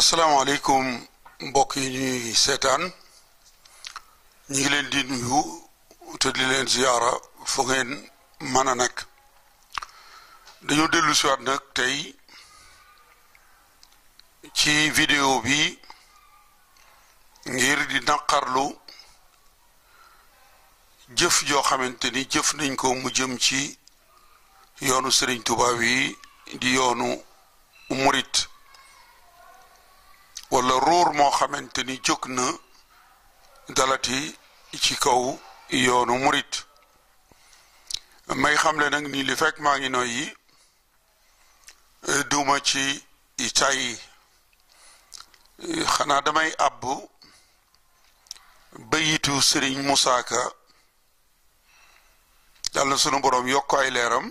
asalaamaaleykum mbokk yi ñuy seetaan ñu ngi leen di nuyu te di leen ziyaara fu ngeen mën a nekk dañoo dellu siwaat nag tey ci vidéo bi ngir di naqarlu jëf joo xamante ni jëf nañ koo mu jëm ci yoonu Serigne Touba wi di yoonu murit wala ruur moo xamante ni jóg na dalati ci kaw yoonu murit may xamle nag nii li fekk maa ngi noy yi duma ci tay xanaa damay àbb bayitu Serigne Moussa yàlla sunu boroom yokk ay leeram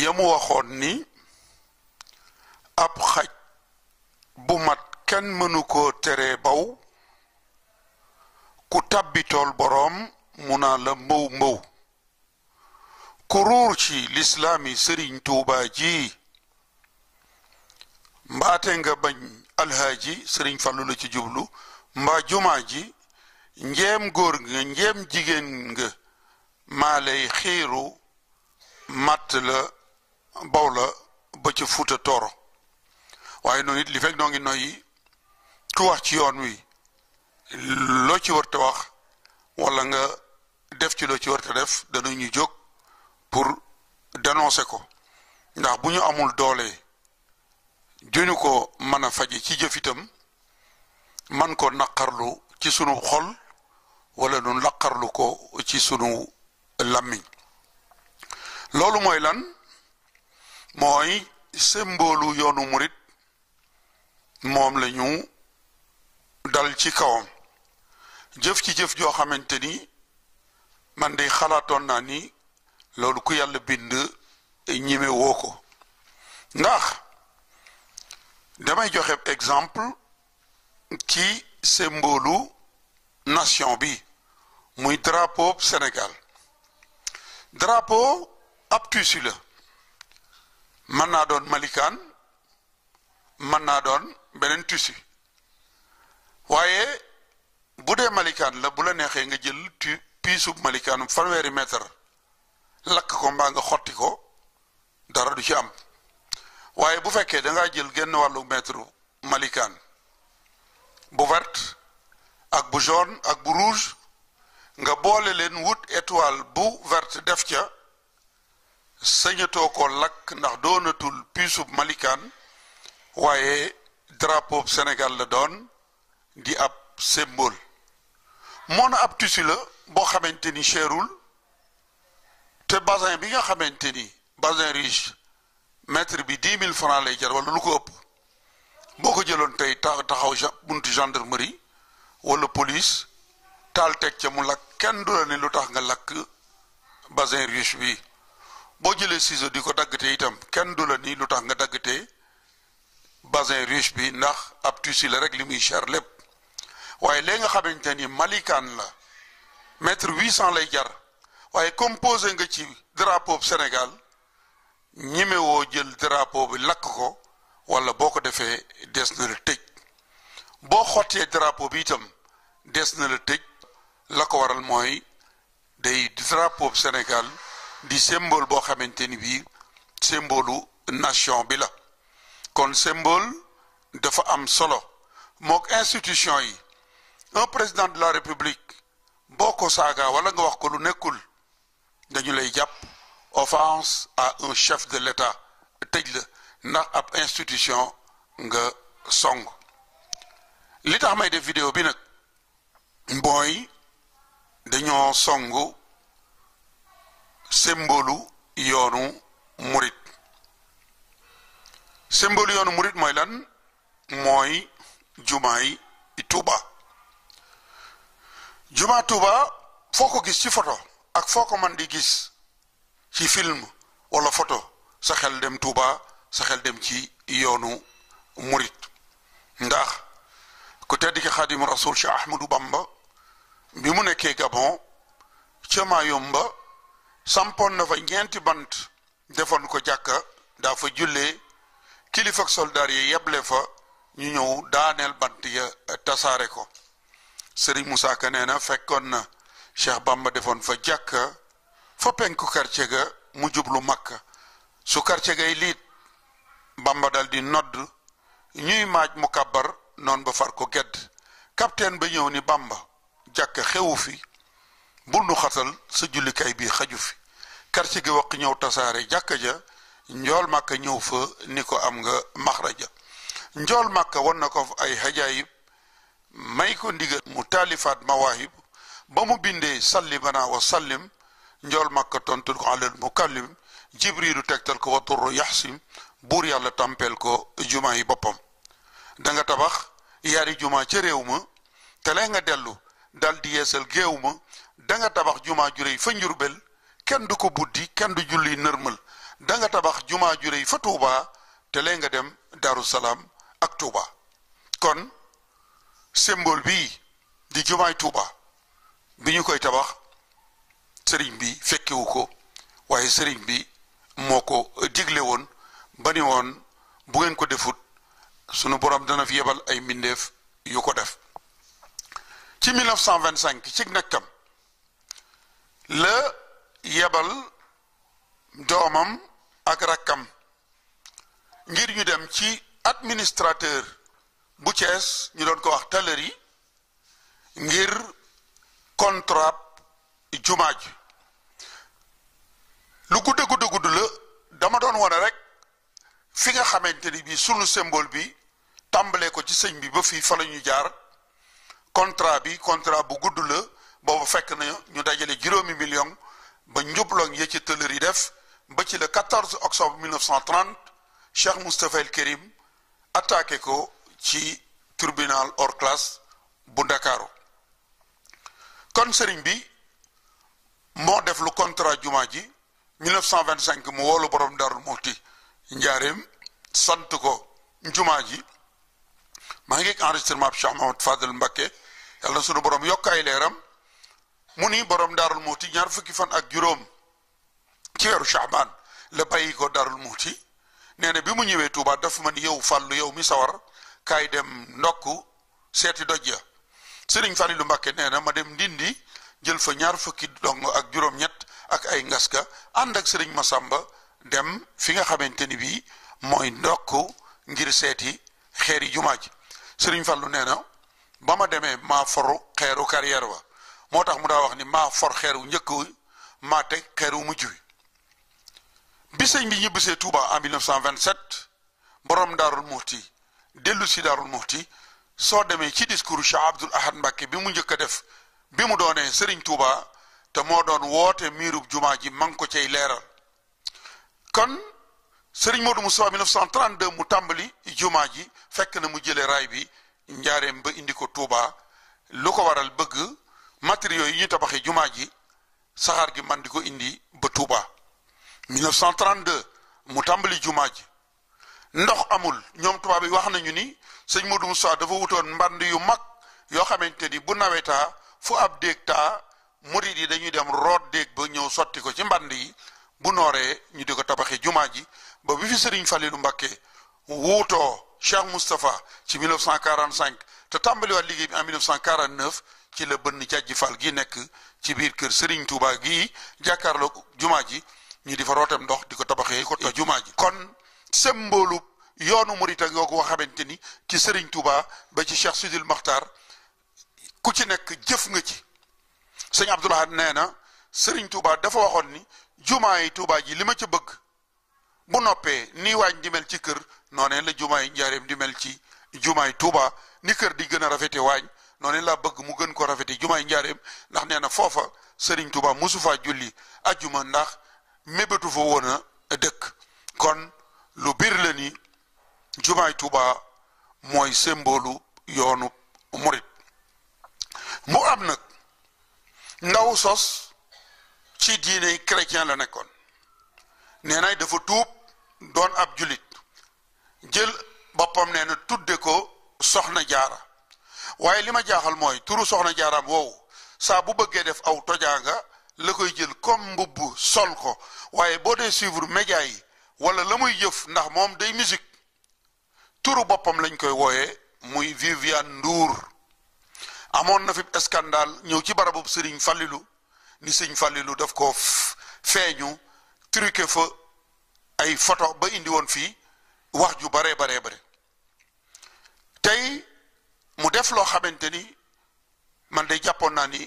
yamu waxoon ni ab xaj bu mat kenn mënu koo tere baw ku tàbbitool boroom mu naa la mbaw mbaw ku ruur ci lislaami sëriñ tuubaa ji mbaate nga bañ alhaaji sëriñ fàllu la ci jublu mbaa jumaa ji njeem góor nga njeem jigéen nga maa lay xiiru matt la baw la ba ca fuuta tooro waaye noonu it li fekk noo ngi noyyi ku wax ci yoon wi loo ci warte wax walla nga def ci loo ci warta def dana danañu jóg pour dénoncer ko ndax bu ñu amul doole juñu ko mën a faje ci jëfitam man ko naqarlu ci sunu xol wala nu naqarlu ko ci sunu làmmiñ loolu mooy lan mooy semboolu yoonu murit moom la ñu dal ci kawam jëf ci jëf joo xamante ni man de xalaatoon naa ni loolu ku yàlla bind ñime woo ko ndax damay joxe exemple ci semboolu nation bi muy drapeau Sénégal drapeau ab tissu la mën naa doon malikaan mën naa doon beneen tissu waaye bu dee malikaan la bu la neexee nga jël tu malikan malikaanum fanweeri mètre ko mbaa nga xotti ko dara du ci am waaye bu fekkee dangaa jël genn wàllu mètre malikaan bu vert ak bu jaune ak bu rouge nga boole leen wut étoile bu verte def ca sañatoo ko lakk ndax doonatul piisu malikaan waaye drapeau Sénégal la doon di ab symbole moona ab tissu la boo xamante ni cherul te basin bi nga xamante ni bazin riche mètre bi dix mille francs lay jar wala lu ko ëpp boo ko jëloon tey taxaw buntu gendarmerie wala police taal teg ca mu lakk kenn du la ne lu tax nga lakk basin riche bi boo jëlee ciseau di ko daggatee itam kenn du la ni lu tax nga daggatee basin riche bi ndax ab tissu la rek li muy cher lépp waaye léegi nga xamante ni malikaan la mètre huit cent lay jar waaye composé nga ci drapeau bu Sénégal ñimewoo jël drapeau bi lakk ko wala boo ko defee des na la tëj boo xottee drapeau bi itam des na la tëj la ko waral mooy day drapeau bu Sénégal di symbole boo xamante ni bii nation bi la kon symbole dafa am solo mok institution yi un président de la république boo ko saaga wala nga wax ko lu nekkul dañu lay jàpp offense à un chef de l'État tëj la ndax ab institution nga song li tax may def vidéo bi nag mooy dañoo songu symbolu yoonu murit symbolu yoonu murit mooy lan mooy jumaay Touba jumaa Touba foo ko gis ci photo ak foo ko man di gis ci film wala photo sa xel dem Touba sa xel dem ci yoonu murit ndax ku tedd ki xaadimu rasul Cheikh Bamba bi mu nekkee Gabon ca Mayumba sampoon na fa ñeenti bant defoon ko jàkka daa fa jullee kilifa ak soldaar yi yeble fa ñu ñëw daaneel bant ya tasaare ko Serigne Moussa Ka nee na fekkoon na Cheikh Bamba defoon fa jàkka fa penku quartier ga mu jublu Makka su quartier gay liit Bamba dal di nodd ñuy maaj mu kabar noonu ba far ko gedd capitaine ba ñëw ni bàmba jàkka xewu fi bul nu xatal sa jullikaay bii xaju fi quartier gi waq ñëw tasaare jàkka ja njool màkka ñëw fa ni ko am nga maxraja njool màkka wan na ko ay hajaayib may ko ndigal mu taalifaat mawaahib ba mu bindee salli wa sallim njool màkka tontul ko alal mukallim jibrilu tegtal ko wa durru yaxsim buur yàlla tàmpeel ko jumaa yi boppam da tabax yaari jumaa ca réew ma te lay nga dellu dal di yeesal géew ma da nga tabax jumaa juréy fa njurbel kenn du ko buddi kenn du julli nërmal da nga tabax jumaa juréy fa tuuba te lee nga dem daru salaam ak tuuba kon symbole bii di jumaay tuuba bi ñu koy tabax sëriñ bi fekkewu ko waaye sëriñ bi moo ko digle woon ba ni woon bu ngeen ko defut sunu borom dana fi yebal ay mbindeef yu ko def ci 1925 ci nekkam la yebal doomam ak rakkam ngir ñu dem ci administrateur bu Cees ñu doon ko wax Tallëri ngir contrat jumaa ji lu gudda gudda gudd la dama doon wane rek fi nga xamante ni bii sunu symbole bi tàmbalee ko ci sëñ bi ba fii fa la ñu jaar contrat bi contrat bu gudd la boobu fekk na ñu dajale juróomi million ba njubloog ya ci tëlër yi def ba ci le 14 octobre 1930 cheikh moustapha el kérim attaqué ko ci tribunal hors classe bu dakaro kon sëriñ bi moo def lu contrat juma ji 1925 mu wolu borom darul mufti njaareem sant ko juma ji maa ngi enregistrement bi cheikh mahamad fadal mbakke yalla sunu borom yokk ay leeram mu ni borom darul muuti ñaar fukki fan ak juróom ci weeru Shaaban la ko darul muhti, nee bi mu ñëwee Touba daf man yow fallu yow mi sawar kay dem ndokku seeti doj ya sëriñ Falilu Mbàkke nee ma dem dindi jël fa ñaar fukki dong ak juróom ñet ak ay ngaska and ak serigne Masamba dem fi nga xamanteni bi, moy mooy ndokku ngir seeti xeeri jumaaji serigne fallu neena ba ma demee maa for xeeru carrière wa moo tax mu daa wax ni maa for xeeru njëkk wi maa teg xeeru mujj wi bi sëñ bi ñibbisee Touba en 1927 borom daarul muxti dellu si daarul muxti soo demee ci discours Cheikh Abdoul Ahad Mbacké bi mu njëkk a def bi mu doonee Serigne Touba te moo doon woote miirub jumaa ji ma ngi ko cay leeral kon sëriñ Serigne Modou Moustapha 1932 mu tàmbali jumaa ji fekk na mu jëlee raay bi njaareem ba indi ko Touba lu ko waral bëgg matériaux yi ñu tabaxee jumaa ji saxaar gi man di ko indi ba Touba 1932 mu tàmbali jumaa ji ndox amul ñoom tubaab yi wax nañu ni sëñ Modou Moussa dafa wutoon mbànd yu mag yoo xamante ni bu nawetaa fu ab déeg taa murid yi dañuy dem root déeg ba ñëw sotti ko ci mbànd yi bu nooree ñu di ko tabaxee jumaa ji ba bi fi sëriñ Falilu Mbàkke wuutoo Cheikh Moustapha ci 1945 te tàmbaliwaat liggéey bi en 1949 ci la bënn jàjji fal gi nekk ci biir kër Serigne Touba gi jàkkaarloog jumaa ji ñu di fa rootem ndox di ko tabaxee ko jumaa ji kon semboolu yoonu Mouride ak ko xamante ni ci Serigne Touba ba ci Cheikh Sidil Maxtaar ku ci nekk jëf nga ci sëñ Abdoul Ahad nee na Serigne Touba dafa waxoon ni jumaa yi Touba ji li ma ca bëgg. bu noppee nii waañ di mel ci kër noonee la jumaay njaareem di mel ci jumaay Touba ni kër di gën a rafete waañ noonee laa bëgg mu gën ko rafete jumaay njaareem ndax nee na foofa sëriñ Touba mosu faa julli ajjuma ndax mébétu fa woon dëkk kon lu biir la ni jumaay Touba mooy symbolu yoonu murit mu am nag ndaw sos ci diine chrétien la nekkoon nee dafa tuub doon ab julit jël boppam nee na tudde ko soxna jaara waaye li ma jaaxal mooy turu soxna jaaraam woowu saa bu bëggee def aw tojaanga la koy jël comme mbubb sol ko waaye boo dee suivre média yi wala la muy jëf ndax moom day musique turu boppam lañ koy wooyee muy Viviane nduur amoon na fi scandale ñëw ci barabub sëriñ Fallilou ni sëriñ Fallilou daf ko feeñu truqué fa ay foto ba indi woon fii wax ju baree baree bare tey mu def loo xamante ni man de jàppoon naa ni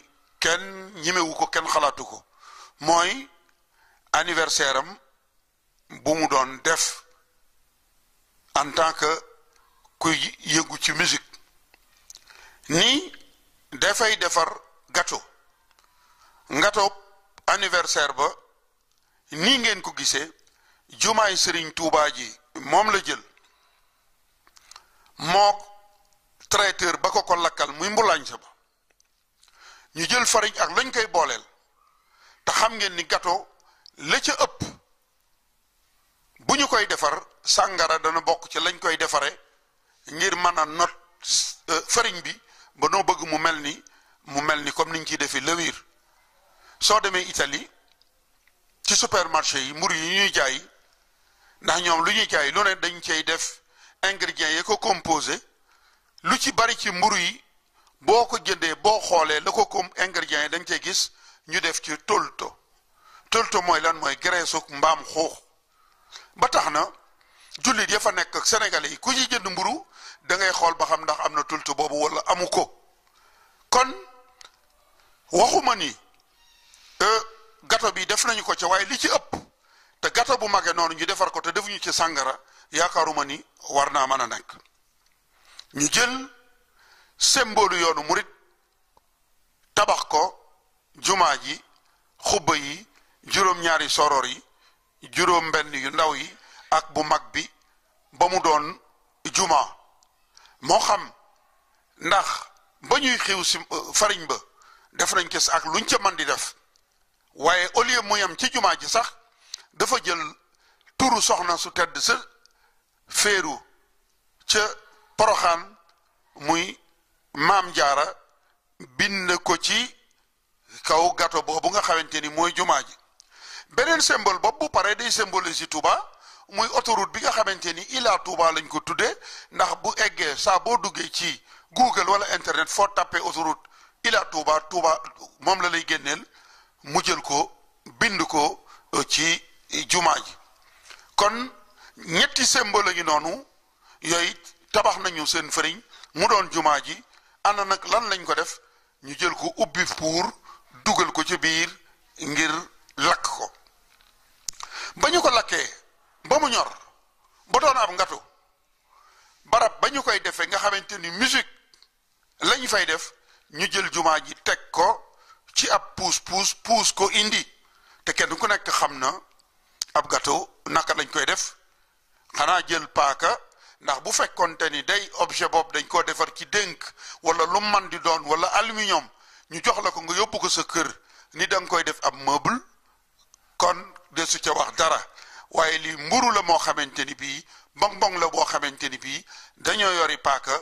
kenn ñimewu ko kenn xalaatu ko mooy anniversaire am bu mu doon def en tant que kuy yëgu ci musique nii dafay defar gâteau gâteau anniversaire ba nii ngeen ko gisee jumaay sëriñ tuubaa ji moom la jël mook traiteur ba ko ko lakkal muy mbulaañ sa ba ñu jël fariñ ak lañ koy booleel te xam ngeen ni gato la ca ëpp bu ñu koy defar sàngara dana bokk ci lañ koy defaree ngir mën a not euh, farine bi ba noo bëgg mu mel ni mu mel ni comme niñ ciy defee lëwiir soo demee Italie ci supermarché yi mburu yi ñuy jaay ndax ñoom lu ñuy jaay lu ne dañ cay def ingrédients yi ko composé lu ci bari ci mburu yi boo ko jëndee boo xoolee la ko comme ingrédients yi dañ cay gis ñu def ci tolto tolto mooy lan mooy graisse ak mbaam xuux ba tax na jullit ya fa nekk ak sénégalais yi ku ci jënd mburu da ngay xool ba xam ndax am na tolto boobu wala amu ko kon waxuma ni euh, gato bi def nañu ko ca waaye li ci ëpp te gata bu mage nonu ñu defar ko te defuñu ci sangara yaakaaruma ni war naa mën a nekk ñu jël symbole yoonu murit tabax ko jumaa ji xubba yi juróom-ñaari soror yi juróom benn yu ndaw yi ak bu mag bi ba mu doon juma moo xam ndax ba ñuy xiw si euh, fariñ ba def nañ kes ak luñ ca man di def waaye au lieu mu ci jumaa ji sax dafa jël turu soxna su tedd sa féeru ca poroxaan muy maam jaara bind ko ci kaw gato boobu nga xamante ni mooy jumaa ji beneen symbol bopp bu pare day symboliser Touba muy autoroute bi nga xamante ni Ila Touba lañ ko tuddee ndax bu eggee saa boo duggee ci Google wala internet foo tappee autoroute Ila Touba Touba moom la lay génneel mu jël ko jumaa ji kon ñetti symbole ngi noonu yooyu tabax nañu seen fëriñ mu doon jumaa ji ana nag lan lañ ko def ñu jël ko ubbi pour dugal ko ci biir ngir lakk ko ba ñu ko lakkee ba mu ñor ba doon ab ngatu barab ba ñu koy defee nga xamante ni musique lañ fay def ñu jël jumaa ji teg ko ci ab puus puus puus ko indi te kenn ku nekk xam na ab gato naka lañ koy def xanaa jël paaka ndax bu fekkonte ni day objet boobu dañ koo defar ci dénk wala lu man di doon wala aluminium ñu jox la ko nga yóbbu ko sa kër ni danga koy def ab meuble kon desu su ca wax dara waaye lii mburu la moo xamante ni bii bong-bong la boo xamante ni bii dañoo yori paaka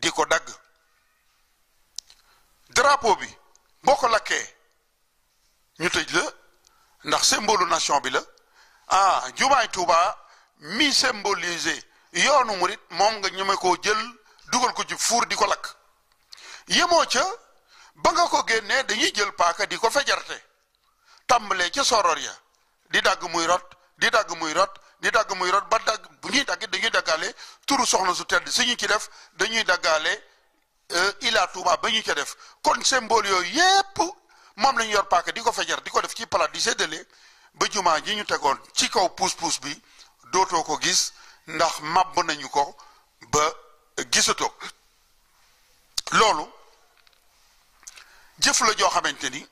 di ko dagg drapeau bi boo ko lakkee ñu tëj la ndax symbole nation bi la ah jumaay Touba mi symbolisé yoonu murit moom nga ñeme koo jël dugal ko ci fuur di ko lakk yemoo ca ba nga ko génnee dañuy jël paaka di ko fejarte tàmbalee ca soror ya di dagg muy rot di dagg muy rot di dagg muy rot ba dagg bu ñuy dagg dañuy daggaale turu soxna su tedd su ñu ci def dañuy daggaale euh, Ila Touba ba ñu ca def kon symbole yooyu yépp moom la ñu yor paaka di ko fejar di ko def ci palaat di séddale ba jumaa ji ñu tegoon ci kaw puus-puus bi dootoo ko gis ndax màbb nañu ko ba gisatoo loolu jëf la joo xamante ni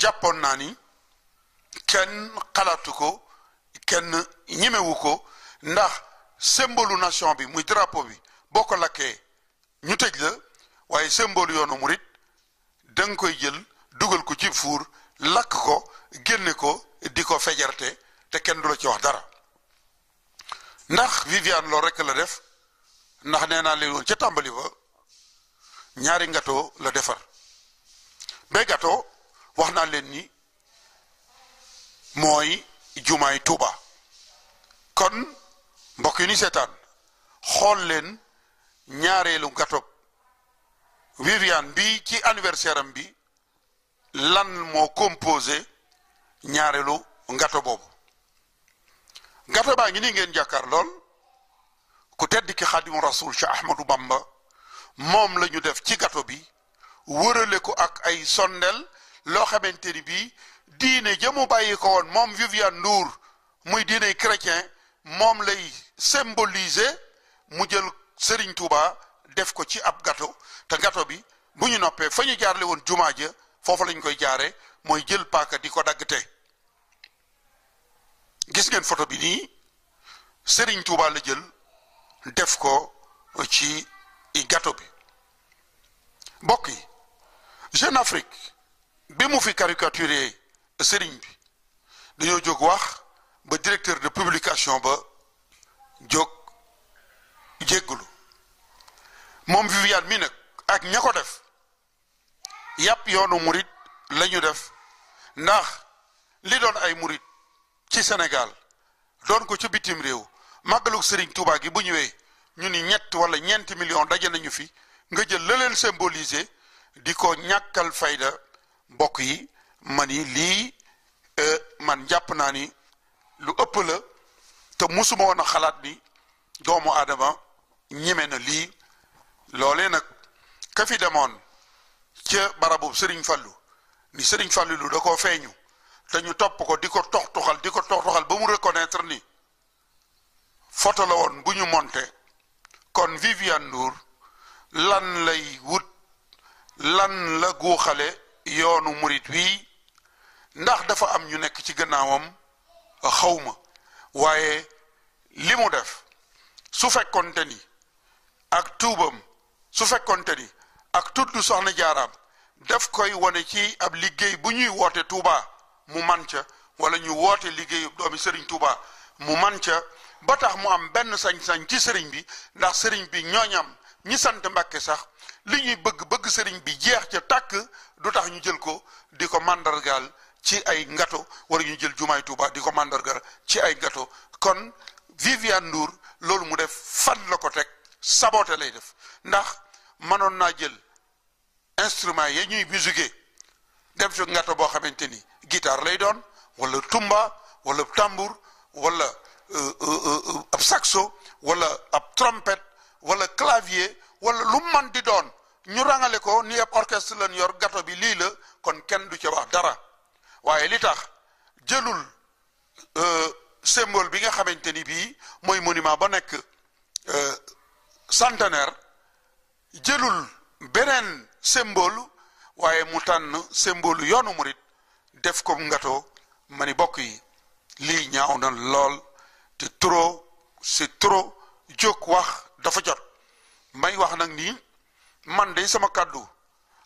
jàppoon naa ni kenn xalaatu ko kenn ñemewu ko ndax symbole nation bi muy drapeau bi boo ko lakkee ñu tëj la waaye symbole yoonu murit da koy jël dugal ko ci fuur lakk ko génne ko di ko fejarte te kenn du la ci wax dara ndax Viviane loolu rek la def ndax nee naa leen woon ca tàmbali ba ñaari ngato la defar ba gato wax naa leen ni mooy jumaay Tuuba kon mbokk yi ni seetaan xool leen ñaareelu ngato Viviane bi ci anniversaire am bi lan moo composé ñaareelu ngato boobu ngato baa ngi nii ngeen jàkkaar lool ku tedd ki xaadimu rasul ci Ahmadou Bamba moom lañu def ci gato bi wërale ko ak ay sondel loo xamante ni bii diine jëmu bàyyi ko woon moom Viviane Ndour muy diine chrétien moom lay symboliser mu jël Serigne Touba def ko ci ab gato te ngato bi bu ñu noppee fa ñu jaarle woon jumaa ja foofu lañ koy jaare mooy jël paaka di ko daggte gis ngeen photo bi nii Serigne Touba la jël def ko ci gâteau bi mbokk yi Jeune Afrique bi mu fi caricaturé Serigne bi dañoo jóg wax ba directeur de publication ba jóg jéggulu moom Viviane mi nag ak ña ko def yàpp yoonu murit la ñu def ndax li doon ay murit ci senegal doon ko ci bitim réew màggalu sëriñ Touba gi bu ñëwee ñu ni ñett wala ñeenti million daje nañu fi nga jël la leen symboliser di ko ñàkkal fayda bokk yi man yi lii euh, man jàpp naa ni lu ëpp la te musuma woon xalaat ni doomu aadama ñeme na lii loole nag ka fi demoon ca barabu sëriñ Fallou ni Serigne Fallou lu da koo feeñu dañu topp ko di ko tox di ko tox ba mu reconnaître ni photo la woon bu ñu monté kon Viviane Ndour lan lay wut lan la guuxale yoonu murit wii ndax dafa am ñu nekk ci gannaawam xawma waaye li mu def su fekkonte ni ak tuubam su fekkonte ni ak tudd soxna jaaraam daf koy wane ci ab liggéey bu ñuy woote Tuubaa mu man ca wala ñu woote liggéeyu doomi sëriñ Touba mu man ca ba tax mu am benn sañ-sañ ci sëriñ bi ndax sëriñ bi ñooñam ñi sant Mbàkke sax li ñuy bëgg bëgg sëriñ bi jeex ca tàkk du tax ñu jël ko di ko màndargaal ci ay ngato wala ñu jël jumaay Touba di ko màndargaal ci ay ngato kon Viviane Ndour loolu mu def fan la ko teg sabote lay def ndax mënoon naa jël instrument ya ñuy musique dem fi ngato boo xamante ni guitare lay doon wala tumba wala tambour wala euh, euh, euh, ab saxo wala ab trompette wala clavier wala lu man di doon ñu rangale ko ni ab orchestre lañ yor gato bi lii la kon kenn du ca ax dara waaye li tax jëlul symbole bi nga xamante ni bii mooy monument ba nekk centenaire jëlul beneen symbole waaye mu tànn symbole yoonu murit def ko ngato mani bokk yi li ñaaw na lool te trop c'est trop jóg wax dafa jot may wax nak ni man day sama kadu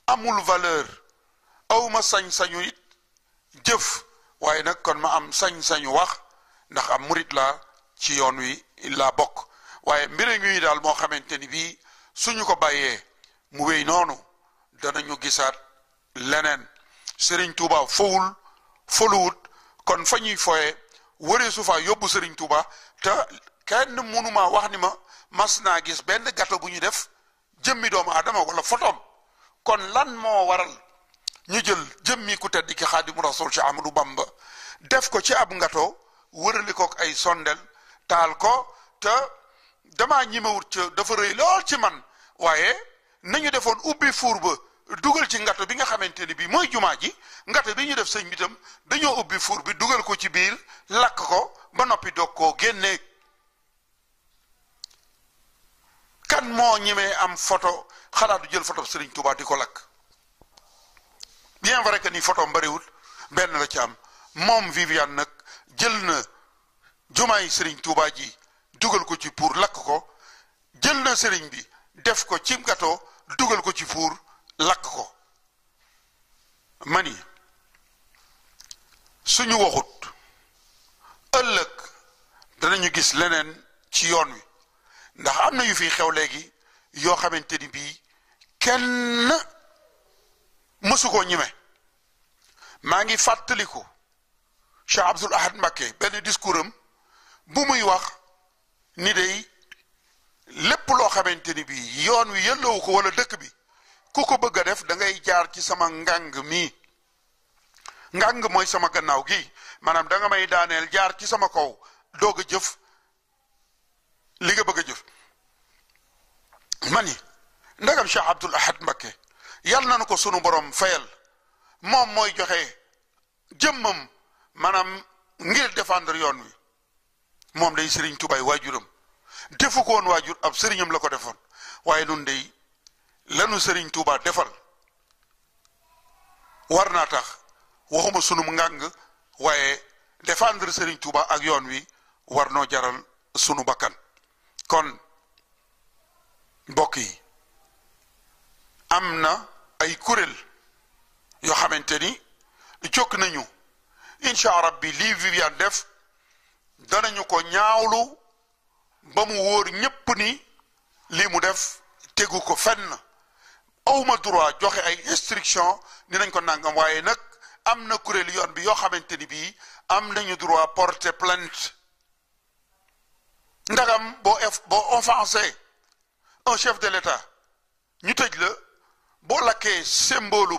amul valeur ma sañ-sañu it jëf waaye nag kon ma am sañ-sañu wax ndax am murit la ci yoon wi la bokk waaye mbira ngi daal moo xamante ni bii suñu ko bàyyee mu wéy noonu danañu gisaat leneen sëriñ Touba fowul foluwut kon fa ñuy foye wëree su faa yóbbu sëriñ Touba te kenn mënuma wax ni ma mas naa gis benn gâteau bu ñu def jëmmi doomu aadama wala fotoom kon lan moo waral ñu jël jëmmi ku tedd ki xaadimu rasul ci Amadou Bamba def ko ci ab ngato wërali ko ay sondel taal ko te damaa ñimewut ca dafa rëy lool ci man waaye nañu defoon ubbi fuur ba dugal ci ngato bi nga xamante ni bii mooy jumaa ji ngato bi ñu def sëñ bi tam dañoo ubbi fuur bi dugal ko ci biir lakk ko ba noppi doog koo génnee kan moo ñemee am photo xalaatu jël photo Serigne Touba di ko lakk bien vrai que ni photo mbariwul benn la ci am moom Viviane nag jël na yi sëriñ Touba ji dugal ko ci pour lakk ko jël na sëriñ bi def ko ci ngato dugal ko ci fuur lakk ko mani suñu waxut ëllëg danañu gis leneen ci yoon wi ndax am na yu fi xew léegi yoo xamante ni bii kenn mësu koo ñime maa ngi fàttaliku Cheikh Abdoul Ahad Mbacké benn discours am bu muy wax ni day lépp loo xamante ni bii yoon wi yëllawu ko wala dëkk bi ku ko bëgg a def dangay jaar ci sama ngàng mi ngàng mooy sama gannaaw gi maanaam da nga may daaneel jaar ci sama kaw doog a jëf li nga bëgg a jëf ma ni ndagam Cheikh Abdoul Ahad Mbacké yal nañu ko sunu borom fayal moom mooy joxe jëmmam maanaam ngir défendre yoon wi moom day sëriñ Tuubaa waajuram defu ko woon waajur ab sëriñam la ko defoon waaye nun day lanu sëriñ Touba defal war naa tax waxuma sunum ngàng waaye défendre sëriñ Touba ak yoon wi war noo jaral sunu bakkan kon mbokk yi am na ay kuréel yoo xamante ni jokk nañu incha rabbi lii Viviane def danañu ko ñaawlu ba mu wóor ñépp ni lii mu def tegu ko fenn awma droit joxe ay instruction ni nañ ko nangam waaye nag am na kuréelu yoon bi yoo xamante ni bii am nañu droit porter plainte ndagam boo eff boo offensé un chef de l'État ñu tëj la boo lakkee symbole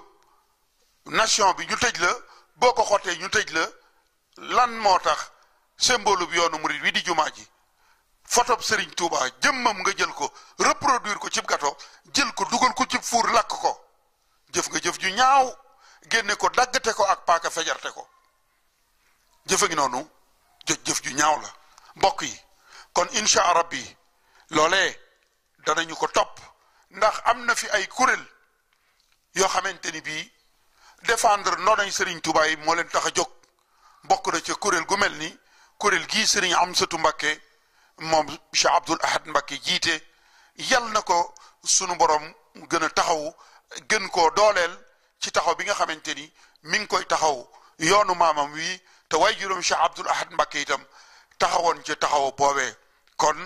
nation bi ñu tëj la boo ko xotee ñu tëj la lan moo tax symbole yoonu murit wi di jumaa ji fotob Serigne Touba jëmmam nga jël ko reproduire ko cib gato jël ko dugal ko cib fuur lakk ko jëf nga jëf ju ñaaw génne ko daggate ko ak paaka fejarte ko jëfe ngi noonu jëf jëf ju ñaaw la mbokk yi kon incha rabbi loolee danañu ko topp ndax am na fi ay kuréel yoo xamante ni bii défendre ndonoñ Serigne Touba yi moo leen tax a jóg bokk na ca kuréel gu mel ni kuréel gii am Amsatou Mbacké moom Cheikh Abdoul Ahad Mbacké jiite yal na ko sunu borom gën a taxaw gën ko dooleel ci taxaw bi nga xamante ni mi ngi koy taxaw yoonu maamam wi te way juróom Cheikh Abdoul Ahad Mbacké itam taxawoon ci taxaw boobe kon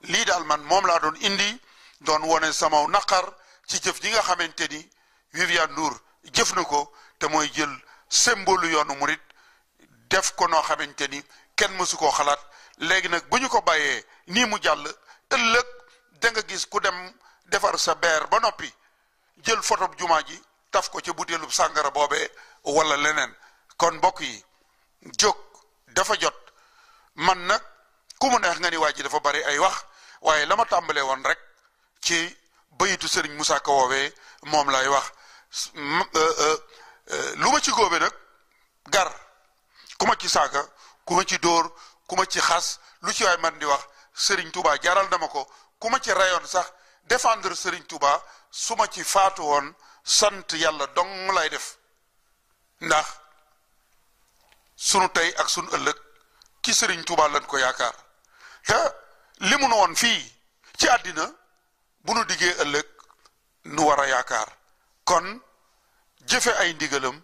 lii daal man moom laa doon indi doon wone sama naqar ci jëf ji nga xamante ni Viviane Ndour jëf na ko te mooy jël symbole yoonu murit def ko noo xamante ni kenn mësu koo xalaat léegi nag bu ñu ko bàyyee nii mu jàll ëllëg danga gis ku dem defar sa beer ba noppi jël photo jumaa ji taf ko ci butéelub sàngara boobe wala leneen kon mbokk yi jóg dafa jot man nag ku mu neex nga ni waa ji dafa bari ay wax waaye lama tàmbalee woon rek ci bayitu sëriñ Moussa Ka woowee moom lay wax euh, euh, euh, lu ma ci góobe nag gar ku ma ci saaka ku ma ci dóor ku ma ci xas lu ci waay man di wax sëriñ Touba jaral na ma ko ku ma ci rayoon sax défendre Serigne Touba su ma ci faatu woon sant yàlla dong lay def ndax sunu tey ak sunu ëllëg ci Serigne Touba lañ ko yaakaar te li mu woon fii ci àddina bu nu diggee ëllëg nu war a yaakaar kon jëfe ay ndigalam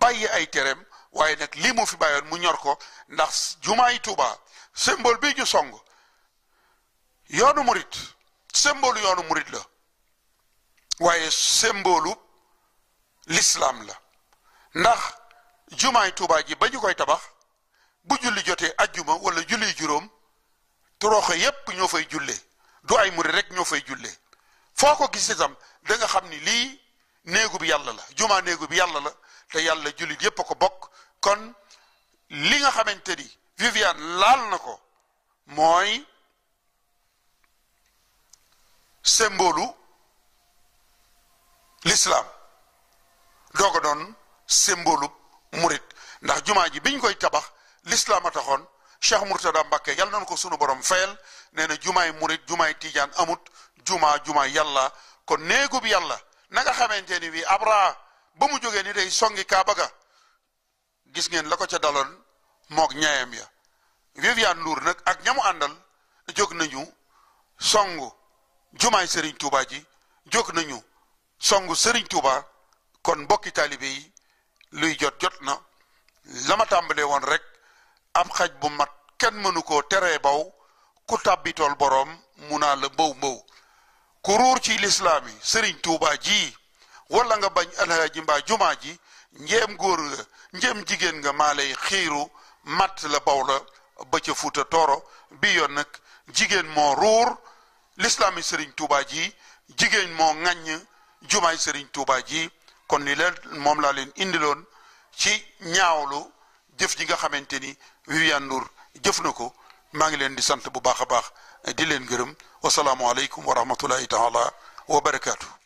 bàyyi ay terem waaye nag lii mu fi bàyyoon mu ñor ko ndax jumaay Tuuba symbole bi ñu song yoonu murit symbole yoonu murit la waaye symbole lislaam la ndax jumaay Tuuba ji ba ñu koy tabax bu julli jotee ajjuma wala julli juróom toroxo yépp ñoo fay julle du ay murit rek ñoo fay julle foo ko gis itam danga xam ni lii néegu bi yàlla la jumaa néegu bi yàlla la te yàlla jullit yépp ko bokk kon li nga xamante ni Viviane laal na ko mooy symbolu l'islam dooga doon symbolu murit ndax jumaa ji biñ koy tabax l'islam a taxoon Cheikh Murtada Mbacke yal nañu ko sunu borom fayal neena jumaa yi murit jumaay tijaan amut jumaa jumaay yàlla kon néegu bi yàlla na xamante ni bi abra ba mu jógee ni day songi kaaba ga gis ngeen la ko ca daloon mook ñaayam ya Viviane Ndour nag ak ñamu àndal jóg nañu songu jumaay sëriñ tuubaa ji jóg nañu songu Serigne tuubaa kon mbokki taalibe yi luy jot jot na lama ma tàmbalee woon rek ab xaj bu mat kenn mënu koo teree baw ku tàbbitool boroom mu naa la mbaw mbaw ku ci lislaam yi Serigne Touba ji wala nga bañ alhaaji mbaa jumaa ji njeem góor nga njëm jigéen nga maa lay xiiru matt la baw la ba ca futa toro bi yoon nag jigéen moo ruur lislaami sëriñ tuuba ji jigéen moo ŋàññ jumaay sëriñ tuuba ji kon ni leen moom laa leen indiloon ci ñaawlu jëf ji nga xamante ni Viviane Ndour jëf na ko maa ngi leen di sant bu baax a baax di leen gërëm wasalaamualeykum wa rahmatullahi taala wa barakaatu